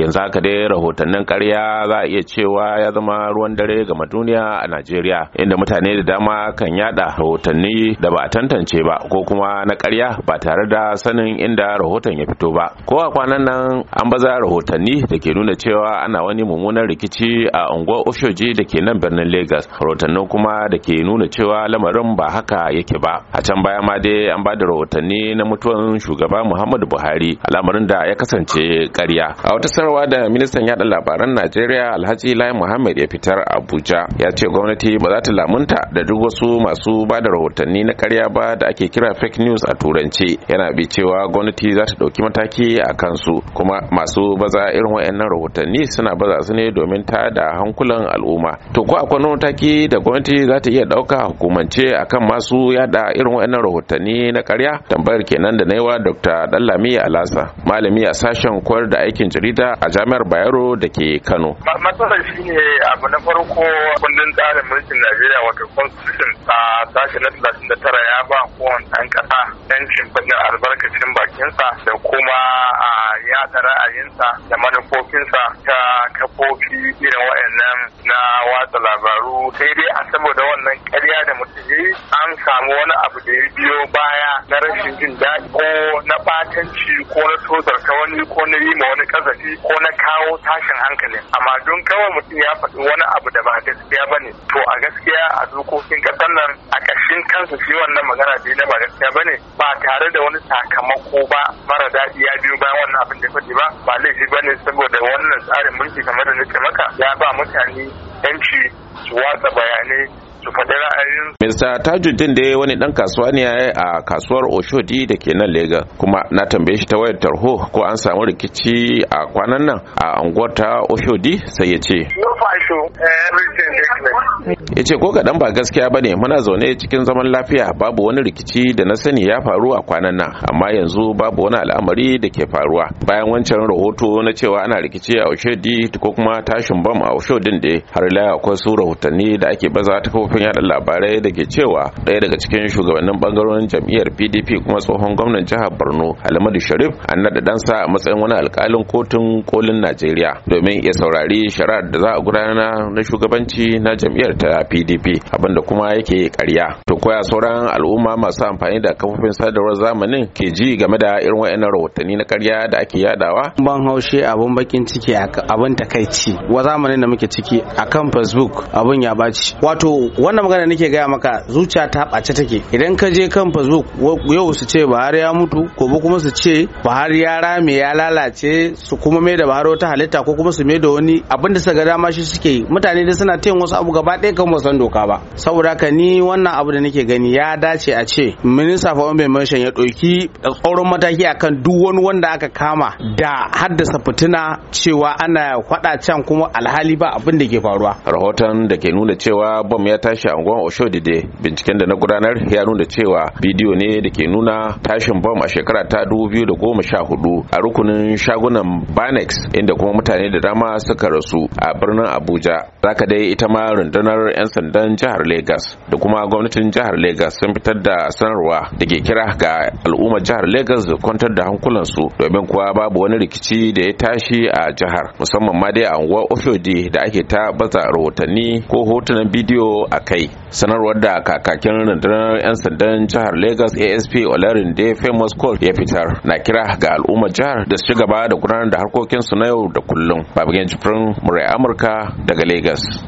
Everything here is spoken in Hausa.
yanzu haka dai rahotannin karya za a iya cewa ya zama ruwan dare ga duniya a najeriya inda mutane da dama kan yada rahotanni da ba a tantance ba ko kuma na karya ba tare da sanin inda rahoton ya fito ba ko a kwanan nan an baza rahotanni da ke nuna cewa ana wani mummunan rikici a unguwar oshoji da ke nan birnin lagos rahotannin kuma da ke nuna cewa lamarin ba haka yake ba a can baya ma dai an ba da rahotanni na mutuwan shugaba muhammadu buhari al'amarin da ya kasance karya a wata fitarwa da ministan yada labaran najeriya alhaji lai muhammad ya fitar abuja ya ce gwamnati ba za ta lamunta da duk wasu masu ba da rahotanni na karya ba da ake kira fake news a turanci yana bi cewa gwamnati za ta ɗauki mataki a kansu kuma masu baza irin wayannan rahotanni suna baza su ne domin ta da hankulan al'umma to ko akwai mataki da gwamnati za ta iya ɗauka hukumance akan masu yada irin wayannan rahotanni na karya tambayar kenan da na yi wa dr dallami alasa malami a sashen koyar da aikin jarida a Jami'ar Bayero da ke Kano. Matsalar shi ne abu na farko kundin tsarin mulkin Najeriya wato constitution a sashi na talatin da tara, ya ba kowane ɗan ƙasa yancin faɗin albarkacin bakinsa da kuma a yaɗa ra'ayinsa da manufofinsa ta kafofi irin waɗannan na watsa labaru sai dai a saboda wannan samu wani abu da ya biyo baya na rashin jin daɗi ko na ɓatanci ko na ta wani ko na yi ma wani kazafi ko na kawo tashin hankali amma don kawai mutum ya faɗi wani abu da ba gaskiya ba to a gaskiya a dokokin ƙasar nan a ƙarshen kansa shi wannan magana da na ba gaskiya ba ba tare da wani sakamako ba mara daɗi ya biyo bayan wannan abin da ya faɗi ba ba laifi ba ne saboda wannan tsarin mulki kamar da nake maka ya ba mutane yanci su watsa bayanai Mr. Tajuddin da wani dan kasuwa ne a kasuwar Oshodi da ke nan Lagos kuma na tambaye shi ta wayar tarho ko an samu rikici a kwanan nan a unguwar ta Oshodi sai ya ce eh, ya ce ko kaɗan ba gaskiya ba ne muna zaune cikin zaman lafiya babu wani rikici da na sani ya faru a kwanan nan amma yanzu babu wani al'amari da ke faruwa bayan wancan rahoto na cewa ana rikici a oshodi ko kuma tashin bam a oshodin da har laya akwai su rahotanni da ake baza ta kafin yada labarai da ke cewa ɗaya daga cikin shugabannin bangarorin jam'iyyar pdp kuma tsohon gwamnan jihar borno alhamadu sharif an naɗa ɗansa a matsayin wani alƙalin kotun kolin najeriya domin ya saurari shari'ar da za a gudana na shugabanci na jam'iyyar ta pdp abinda kuma yake karya to koya sauran al'umma masu amfani da kafofin sadarwar zamanin ke ji game da irin wa'annan rahotanni na karya da ake yadawa ban haushe abun bakin ciki abun takaici wa zamanin da muke ciki akan facebook abun ya baci wato wannan magana nake gaya maka zuciya ta bace take idan ka je kan facebook yau su ce bahar ya mutu gobe kuma su ce bahar ya rame ya lalace su kuma mai da bahar wata halitta ko kuma su mai da wani abin da ga dama shi suke yi mutane da suna tayin wasu abu gaba ɗaya kan wasan doka ba saboda ka ni wannan abu da nake gani ya dace a ce minista bai mai mention ya ɗauki tsauron mataki akan duk wani wanda aka kama da haddasa fitina cewa ana faɗa can kuma alhali ba abin da ke faruwa rahoton da ke nuna cewa bom ya ta tashi a unguwar Dide binciken da na gudanar ya nuna cewa bidiyo ne da ke nuna tashin bom a shekara ta 2014 a rukunin shagunan Banex inda kuma mutane da dama suka rasu a birnin Abuja. Zaka dai ita ma rundunar 'yan sandan jihar Legas da kuma gwamnatin jihar Legas sun fitar da sanarwa da ke kira ga al'ummar jihar Legas da kwantar da hankulansu domin kuwa babu wani rikici da ya tashi a jihar musamman ma dai a unguwar Ofiodi da ake ta baza rahotanni ko hotunan bidiyo a kai sanarwar da kakakin rundunar 'yan sandan jihar lagos asp olarinde famous call ya fitar na kira ga al'ummar jihar da su gaba da gudanar da harkokinsu na yau da kullum babu gajifin murai amurka daga lagos